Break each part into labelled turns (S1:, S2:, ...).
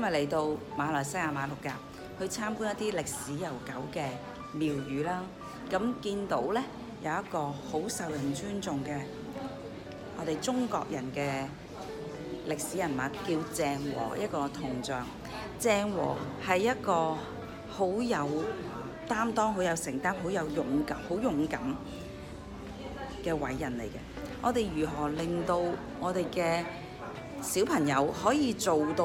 S1: 今日嚟到馬來西亞馬六甲去參觀一啲歷史悠久嘅廟宇啦。咁見到呢有一個好受人尊重嘅我哋中國人嘅歷史人物，叫鄭和一個銅像。鄭和係一個好有擔當、好有承擔、好有勇敢、好勇敢嘅偉人嚟嘅。我哋如何令到我哋嘅小朋友可以做到？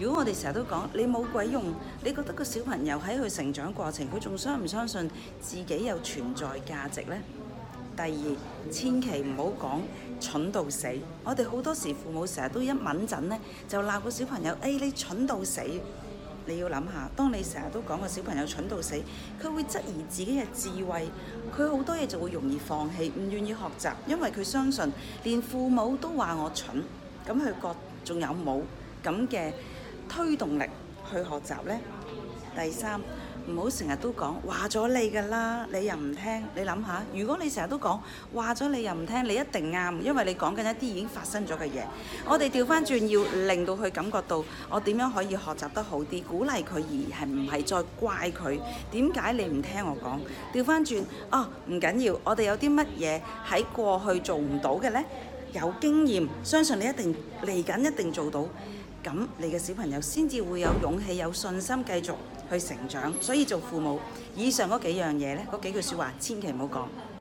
S1: 如果我哋成日都講你冇鬼用，你覺得個小朋友喺佢成長過程，佢仲相唔相信自己有存在價值呢？第二，千祈唔好講蠢到死。我哋好多時父母成日都一敏陣咧，就鬧個小朋友，哎，你蠢到死！你要諗下，當你成日都講個小朋友蠢到死，佢會質疑自己嘅智慧，佢好多嘢就會容易放棄，唔願意學習，因為佢相信連父母都話我蠢，咁佢覺仲有冇咁嘅推動力去學習呢。第三，唔好成日都講話咗你㗎啦，你又唔聽。你諗下，如果你成日都講話咗你又唔聽，你一定啱，因為你講緊一啲已經發生咗嘅嘢。我哋調翻轉，要令到佢感覺到我點樣可以學習得好啲，鼓勵佢而係唔係再怪佢點解你唔聽我講？調翻轉，哦，唔緊要，我哋有啲乜嘢喺過去做唔到嘅呢？有經驗，相信你一定嚟緊一定做到。咁你嘅小朋友先至會有勇氣，有信心繼續去成長。所以做父母，以上嗰幾樣嘢咧，嗰幾句說話千祈唔好講。